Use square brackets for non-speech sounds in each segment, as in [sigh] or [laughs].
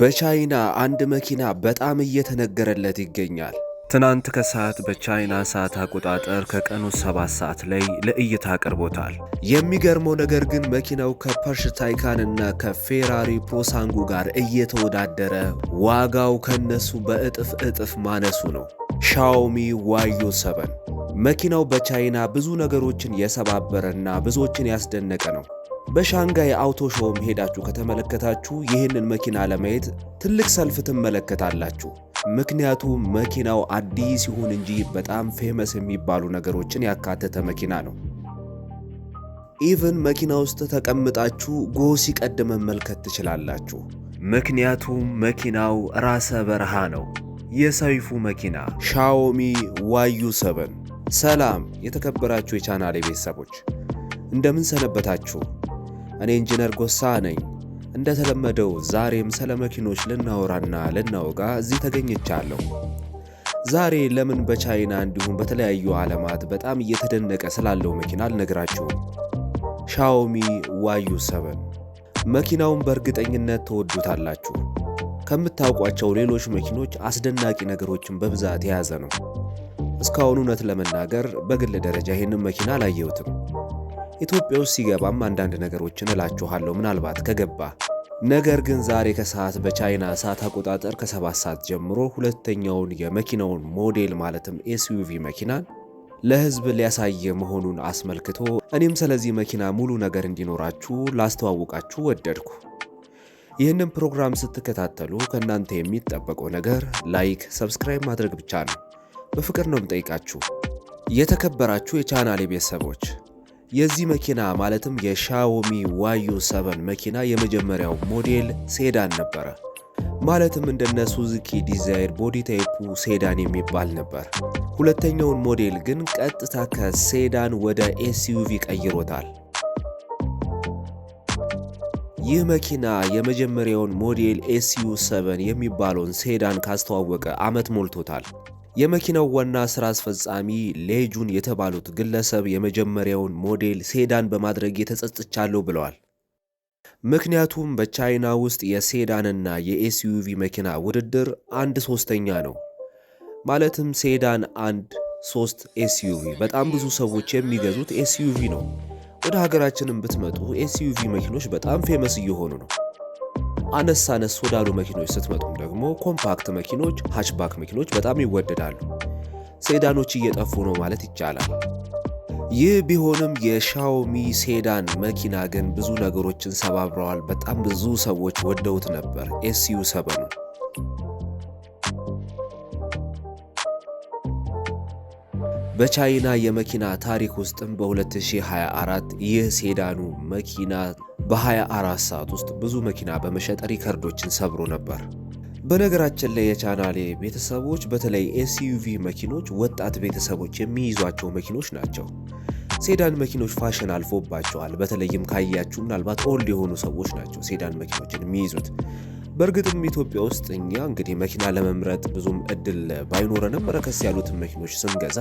በቻይና አንድ መኪና በጣም እየተነገረለት ይገኛል። ትናንት ከሰዓት በቻይና ሰዓት አቆጣጠር ከቀኑ 7 ሰዓት ላይ ለእይታ አቅርቦታል። የሚገርመው ነገር ግን መኪናው ከፐርሽ ታይካን እና ከፌራሪ ፕሮሳንጉ ጋር እየተወዳደረ ዋጋው ከነሱ በእጥፍ እጥፍ ማነሱ ነው። ሻውሚ ዋዮ 7 መኪናው በቻይና ብዙ ነገሮችን የሰባበረና ብዙዎችን ያስደነቀ ነው። በሻንጋይ አውቶ ሾውም ሄዳችሁ ከተመለከታችሁ ይህንን መኪና ለማየት ትልቅ ሰልፍ ትመለከታላችሁ። ምክንያቱም መኪናው አዲስ ይሁን እንጂ በጣም ፌመስ የሚባሉ ነገሮችን ያካተተ መኪና ነው። ኢቭን መኪና ውስጥ ተቀምጣችሁ ጎ ሲቀድ መመልከት ትችላላችሁ። ምክንያቱም መኪናው ራሰ በረሃ ነው። የሰይፉ መኪና ሻኦሚ ዋዩ ሰበን። ሰላም የተከበራችሁ የቻናሌ ቤተሰቦች እንደምን ሰነበታችሁ? እኔ ኢንጂነር ጎሳ ነኝ። እንደተለመደው ዛሬም ስለ መኪኖች ልናወራና ልናወጋ እዚህ ተገኝቻለሁ። ዛሬ ለምን በቻይና እንዲሁም በተለያዩ ዓለማት በጣም እየተደነቀ ስላለው መኪና አልነግራችሁም። ሻኦሚ ዋዩ 7 መኪናውን በእርግጠኝነት ተወዱታላችሁ። ከምታውቋቸው ሌሎች መኪኖች አስደናቂ ነገሮችን በብዛት የያዘ ነው። እስካሁን እውነት ለመናገር በግል ደረጃ ይህንን መኪና አላየሁትም። ኢትዮጵያ ውስጥ ሲገባም አንዳንድ ነገሮችን እላችኋለሁ ምናልባት ከገባ። ነገር ግን ዛሬ ከሰዓት በቻይና ሰዓት አቆጣጠር ከሰባት ሰዓት ጀምሮ ሁለተኛውን የመኪናውን ሞዴል ማለትም ኤስዩቪ መኪናን ለህዝብ ሊያሳየ መሆኑን አስመልክቶ እኔም ስለዚህ መኪና ሙሉ ነገር እንዲኖራችሁ ላስተዋውቃችሁ ወደድኩ። ይህንን ፕሮግራም ስትከታተሉ ከእናንተ የሚጠበቀው ነገር ላይክ፣ ሰብስክራይብ ማድረግ ብቻ ነው። በፍቅር ነው የምጠይቃችሁ። የተከበራችሁ የቻናሌ ቤተሰቦች የዚህ መኪና ማለትም የሻውሚ ዋዩ 7 መኪና የመጀመሪያው ሞዴል ሴዳን ነበረ። ማለትም እንደነ ሱዙኪ ዲዛይር ቦዲ ታይፑ ሴዳን የሚባል ነበር። ሁለተኛውን ሞዴል ግን ቀጥታ ከሴዳን ወደ ኤስዩቪ ቀይሮታል። ይህ መኪና የመጀመሪያውን ሞዴል ኤስዩ 7 የሚባለውን ሴዳን ካስተዋወቀ ዓመት ሞልቶታል። የመኪናው ዋና ስራ አስፈጻሚ ሌጁን የተባሉት ግለሰብ የመጀመሪያውን ሞዴል ሴዳን በማድረግ የተጸጽቻለሁ ብለዋል። ምክንያቱም በቻይና ውስጥ የሴዳንና የኤስዩቪ መኪና ውድድር አንድ ሶስተኛ ነው። ማለትም ሴዳን አንድ ሶስት ኤስዩቪ በጣም ብዙ ሰዎች የሚገዙት ኤስዩቪ ነው። ወደ ሀገራችንም ብትመጡ ኤስዩቪ መኪኖች በጣም ፌመስ እየሆኑ ነው። አነስ አነስ ወዳሉ መኪኖች ስትመጡም ደግሞ ኮምፓክት መኪኖች፣ ሃችባክ መኪኖች በጣም ይወደዳሉ። ሴዳኖች እየጠፉ ነው ማለት ይቻላል። ይህ ቢሆንም የሻውሚ ሴዳን መኪና ግን ብዙ ነገሮችን ሰባብረዋል። በጣም ብዙ ሰዎች ወደውት ነበር ኤስዩ ሰበኑ። በቻይና የመኪና ታሪክ ውስጥም በ2024 ይህ ሴዳኑ መኪና በ24 ሰዓት ውስጥ ብዙ መኪና በመሸጥ ሪከርዶችን ሰብሮ ነበር። በነገራችን ላይ የቻናሌ ቤተሰቦች በተለይ ኤስዩቪ መኪኖች ወጣት ቤተሰቦች የሚይዟቸው መኪኖች ናቸው። ሴዳን መኪኖች ፋሽን አልፎባቸዋል። በተለይም ካያችሁ ምናልባት ኦልድ የሆኑ ሰዎች ናቸው ሴዳን መኪኖችን የሚይዙት። በእርግጥም ኢትዮጵያ ውስጥ እኛ እንግዲህ መኪና ለመምረጥ ብዙም እድል ባይኖረንም ረከስ ያሉትን መኪኖች ስንገዛ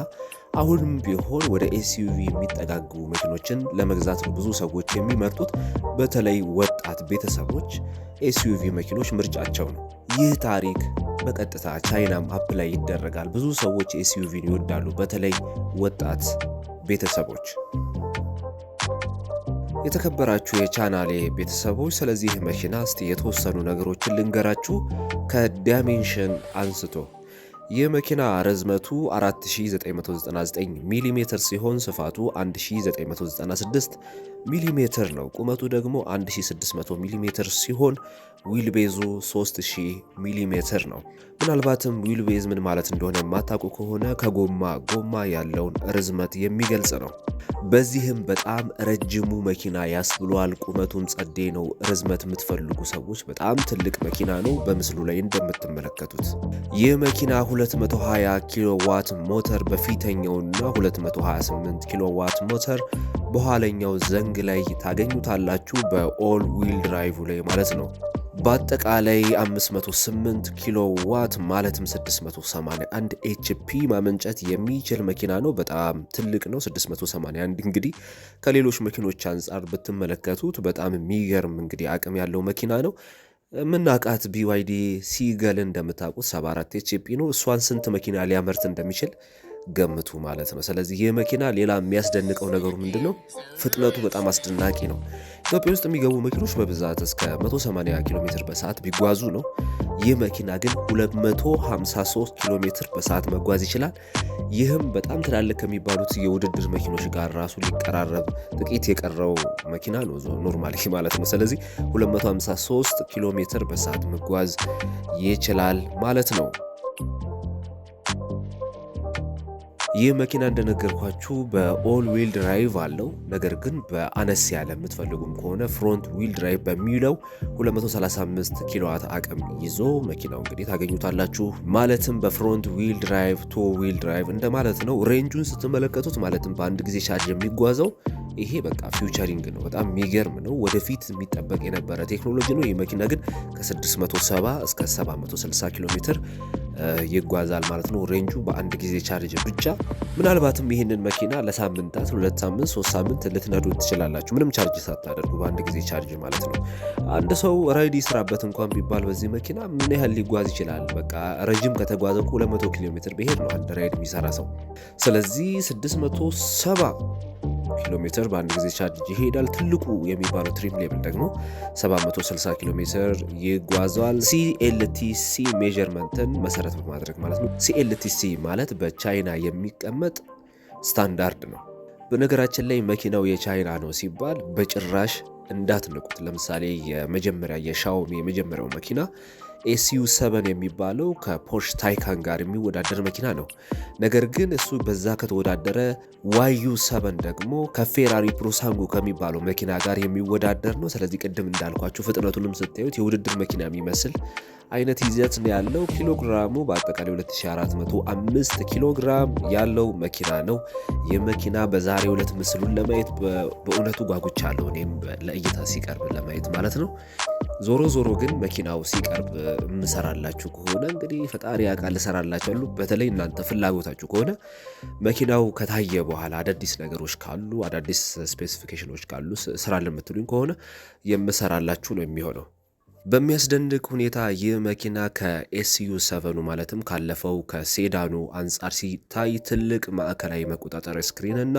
አሁንም ቢሆን ወደ ኤስዩቪ የሚጠጋግቡ መኪኖችን ለመግዛት ብዙ ሰዎች የሚመርጡት በተለይ ወጣት ቤተሰቦች ኤስዩቪ መኪኖች ምርጫቸው ነው። ይህ ታሪክ በቀጥታ ቻይናም አፕ ላይ ይደረጋል። ብዙ ሰዎች ኤስዩቪን ይወዳሉ፣ በተለይ ወጣት ቤተሰቦች የተከበራችሁ የቻናሌ ቤተሰቦች ስለዚህ መኪና እስቲ የተወሰኑ ነገሮችን ልንገራችሁ። ከዳይሜንሽን አንስቶ ይህ መኪና ርዝመቱ 4999 ሚሜ ሲሆን ስፋቱ 1996 ሚሜ ነው። ቁመቱ ደግሞ 1600 ሚሜ ሲሆን ዊልቤዙ 3000 ሚሜ ነው። ምናልባትም ዊልቤዝ ምን ማለት እንደሆነ የማታውቁ ከሆነ ከጎማ ጎማ ያለውን ርዝመት የሚገልጽ ነው። በዚህም በጣም ረጅሙ መኪና ያስብሏል። ቁመቱም ጸዴ ነው። ርዝመት የምትፈልጉ ሰዎች በጣም ትልቅ መኪና ነው፣ በምስሉ ላይ እንደምትመለከቱት ይህ መኪና 220 ኪሎዋት ሞተር በፊተኛውና 228 ኪሎዋት ሞተር በኋለኛው ዘንግ ላይ ታገኙታላችሁ በኦል ዊል ድራይቭ ላይ ማለት ነው። በአጠቃላይ 508 ኪሎዋት ማለትም 681 ኤችፒ ማመንጨት የሚችል መኪና ነው። በጣም ትልቅ ነው። 681 እንግዲህ ከሌሎች መኪኖች አንጻር ብትመለከቱት በጣም የሚገርም እንግዲህ አቅም ያለው መኪና ነው። የምናውቃት ቢዋይዲ ሲገል እንደምታውቁት 74 ኤችፒ ነው። እሷን ስንት መኪና ሊያመርት እንደሚችል ገምቱ ማለት ነው። ስለዚህ ይህ መኪና ሌላ የሚያስደንቀው ነገሩ ምንድን ነው? ፍጥነቱ በጣም አስደናቂ ነው። ኢትዮጵያ ውስጥ የሚገቡ መኪኖች በብዛት እስከ 180 ኪሎ ሜትር በሰዓት ቢጓዙ ነው። ይህ መኪና ግን 253 ኪሎ ሜትር በሰዓት መጓዝ ይችላል። ይህም በጣም ትላልቅ ከሚባሉት የውድድር መኪኖች ጋር ራሱ ሊቀራረብ ጥቂት የቀረው መኪና ነው፣ ኖርማል [laughs] ማለት ነው። ስለዚህ 253 ኪሎ ሜትር በሰዓት መጓዝ ይችላል ማለት ነው። ይህ መኪና እንደነገርኳችሁ በኦል ዊል ድራይቭ አለው። ነገር ግን በአነስ ያለ የምትፈልጉም ከሆነ ፍሮንት ዊል ድራይቭ በሚለው 235 ኪሎዋት አቅም ይዞ መኪናው እንግዲህ ታገኙታላችሁ። ማለትም በፍሮንት ዊል ድራይቭ ቱ ዊል ድራይቭ እንደማለት ነው። ሬንጁን ስትመለከቱት ማለትም በአንድ ጊዜ ቻርጅ የሚጓዘው ይሄ በቃ ፊውቸሪንግ ነው። በጣም የሚገርም ነው። ወደፊት የሚጠበቅ የነበረ ቴክኖሎጂ ነው። ይህ መኪና ግን ከ670 እስከ 760 ኪሎ ሜትር ይጓዛል ማለት ነው። ሬንጁ በአንድ ጊዜ ቻርጅ ብቻ ምናልባትም ይህንን መኪና ለሳምንታት፣ ሁለት ሳምንት፣ ሶስት ሳምንት ልትነዱ ትችላላችሁ፣ ምንም ቻርጅ ሳታደርጉ በአንድ ጊዜ ቻርጅ ማለት ነው። አንድ ሰው ራይድ ይስራበት እንኳን ቢባል በዚህ መኪና ምን ያህል ሊጓዝ ይችላል? በቃ ረጅም ከተጓዘ 200 ኪሎ ሜትር ብሄድ ነው አንድ ራይድ የሚሰራ ሰው። ስለዚህ 670 ኪሎ ሜትር በአንድ ጊዜ ቻርጅ ይሄዳል። ትልቁ የሚባለው ትሪም ሌብል ደግሞ 760 ኪሎ ሜትር ይጓዟል። ሲኤልቲሲ ሜዠርመንትን መሰረት በማድረግ ማለት ነው። ሲኤልቲሲ ማለት በቻይና የሚቀመጥ ስታንዳርድ ነው። በነገራችን ላይ መኪናው የቻይና ነው ሲባል በጭራሽ እንዳትንቁት። ለምሳሌ የመጀመሪያ የሻውሚ የመጀመሪያው መኪና ኤሲዩ ሰበን የሚባለው ከፖርሽ ታይካን ጋር የሚወዳደር መኪና ነው። ነገር ግን እሱ በዛ ከተወዳደረ ዋዩ ሰበን ደግሞ ከፌራሪ ፕሮሳንጎ ከሚባለው መኪና ጋር የሚወዳደር ነው። ስለዚህ ቅድም እንዳልኳቸው ፍጥነቱንም ስታዩት የውድድር መኪና የሚመስል አይነት ይዘት ነው ያለው። ኪሎግራሙ በአጠቃላይ 2405 ኪሎግራም ያለው መኪና ነው። ይህ መኪና በዛሬው ዕለት ምስሉን ለማየት በእውነቱ ጓጉቻለሁ። እኔም ለእይታ ሲቀርብ ለማየት ማለት ነው። ዞሮ ዞሮ ግን መኪናው ሲቀርብ የምሰራላችሁ ከሆነ እንግዲህ ፈጣሪ ያውቃል እሰራላችኋለሁ። በተለይ እናንተ ፍላጎታችሁ ከሆነ መኪናው ከታየ በኋላ አዳዲስ ነገሮች ካሉ አዳዲስ ስፔሲፊኬሽኖች ካሉ ስራ ለምትሉኝ ከሆነ የምሰራላችሁ ነው የሚሆነው። በሚያስደንቅ ሁኔታ ይህ መኪና ከኤስዩ ሰቨኑ ማለትም ካለፈው ከሴዳኑ አንጻር ሲታይ ትልቅ ማዕከላዊ መቆጣጠሪያ ስክሪን እና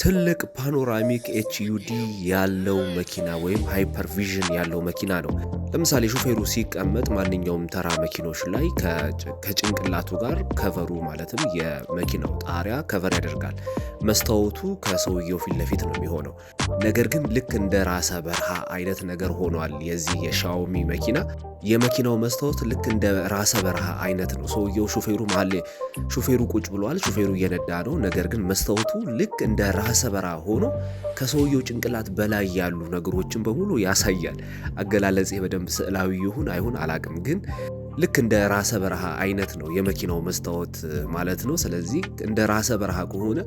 ትልቅ ፓኖራሚክ ኤችዩዲ ያለው መኪና ወይም ሃይፐርቪዥን ያለው መኪና ነው። ለምሳሌ ሹፌሩ ሲቀመጥ ማንኛውም ተራ መኪኖች ላይ ከጭንቅላቱ ጋር ከቨሩ ማለትም የመኪናው ጣሪያ ከቨር ያደርጋል። መስታወቱ ከሰውየው ፊት ለፊት ነው የሚሆነው። ነገር ግን ልክ እንደ ራሰ በረሃ አይነት ነገር ሆኗል። የዚህ የሻውሚ መኪና የመኪናው መስታወት ልክ እንደ ራሰ በረሃ አይነት ነው። ሰውየው ሾፌሩ ሹፌሩ ቁጭ ብሏል። ሹፌሩ እየነዳ ነው። ነገር ግን መስታወቱ ልክ እንደ ራሰ በራ ሆኖ ከሰውየው ጭንቅላት በላይ ያሉ ነገሮችን በሙሉ ያሳያል። አገላለጼ በደንብ ስዕላዊ ይሁን አይሁን አላቅም፣ ግን ልክ እንደ ራሰ በረሃ አይነት ነው የመኪናው መስታወት ማለት ነው። ስለዚህ እንደ ራሰ በረሃ ከሆነ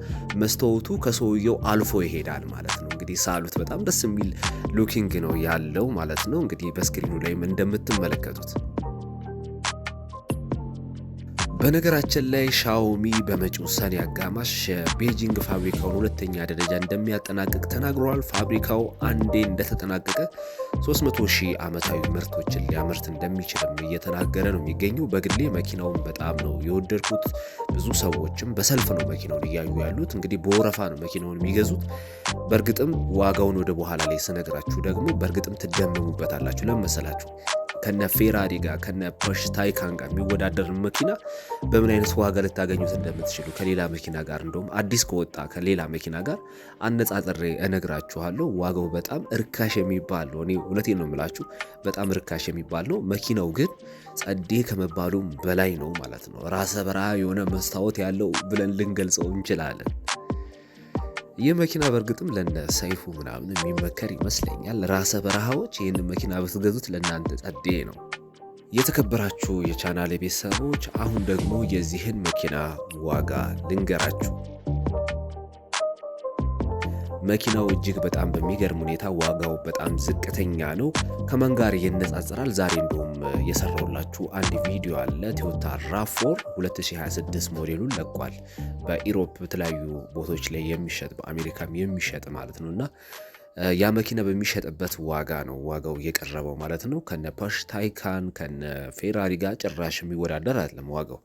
መስታወቱ ከሰውየው አልፎ ይሄዳል ማለት ነው። እንግዲህ ሳሉት በጣም ደስ የሚል ሉኪንግ ነው ያለው ማለት ነው። እንግዲህ በስክሪኑ ላይም እንደምትመለከቱት በነገራችን ላይ ሻውሚ በመጪው ሰኔ አጋማሽ ቤጂንግ ፋብሪካውን ሁለተኛ ደረጃ እንደሚያጠናቅቅ ተናግረዋል። ፋብሪካው አንዴ እንደተጠናቀቀ 300 ሺህ ዓመታዊ ምርቶችን ሊያመርት እንደሚችልም እየተናገረ ነው የሚገኘው። በግሌ መኪናውን በጣም ነው የወደድኩት። ብዙ ሰዎችም በሰልፍ ነው መኪናውን እያዩ ያሉት። እንግዲህ በወረፋ ነው መኪናውን የሚገዙት። በእርግጥም ዋጋውን ወደ በኋላ ላይ ስነግራችሁ ደግሞ በእርግጥም ትደመሙበታላችሁ ለመሰላችሁ ከነ ፌራሪ ጋር ከነ ፖርሽ ታይካን ጋር የሚወዳደር መኪና በምን አይነት ዋጋ ልታገኙት እንደምትችሉ ከሌላ መኪና ጋር እንደውም አዲስ ከወጣ ከሌላ መኪና ጋር አነጻጽሬ እነግራችኋለሁ። ዋጋው በጣም እርካሽ የሚባል ነው። እኔ እውነቴ ነው የምላችሁ፣ በጣም እርካሽ የሚባል ነው። መኪናው ግን ጸዴ ከመባሉም በላይ ነው ማለት ነው። ራሰ በራ የሆነ መስታወት ያለው ብለን ልንገልጸው እንችላለን። ይህ መኪና በእርግጥም ለነ ሰይፉ ምናምን የሚመከር ይመስለኛል። ራሰ በረሃዎች ይህን መኪና ብትገዙት ለእናንተ ጸዴ ነው። የተከበራችሁ የቻናል ቤተሰቦች አሁን ደግሞ የዚህን መኪና ዋጋ ልንገራችሁ። መኪናው እጅግ በጣም በሚገርም ሁኔታ ዋጋው በጣም ዝቅተኛ ነው። ከማን ጋር ይነጻጸራል? ዛሬ እንደውም የሰራውላችሁ አንድ ቪዲዮ አለ። ቶዮታ ራፎር 2026 ሞዴሉን ለቋል። በኢሮፕ በተለያዩ ቦታዎች ላይ የሚሸጥ በአሜሪካም የሚሸጥ ማለት ነው እና ያ መኪና በሚሸጥበት ዋጋ ነው ዋጋው እየቀረበው ማለት ነው። ከነ ፖርሽ ታይካን ከነ ፌራሪ ጋር ጭራሽ የሚወዳደር አይደለም ዋጋው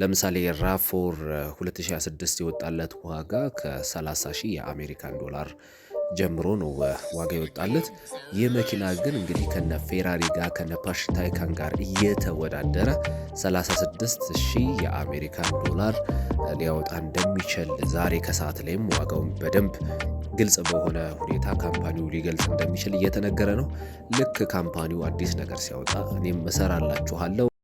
ለምሳሌ ራፎር 2026 የወጣለት ዋጋ ከ30 ሺህ የአሜሪካን ዶላር ጀምሮ ነው ዋጋ የወጣለት። ይህ መኪና ግን እንግዲህ ከነ ፌራሪ ጋር ከነ ፓሽ ታይካን ጋር እየተወዳደረ 36 ሺህ የአሜሪካን ዶላር ሊያወጣ እንደሚችል ዛሬ ከሰዓት ላይም ዋጋውን በደንብ ግልጽ በሆነ ሁኔታ ካምፓኒው ሊገልጽ እንደሚችል እየተነገረ ነው። ልክ ካምፓኒው አዲስ ነገር ሲያወጣ እኔም እሰራላችኋለሁ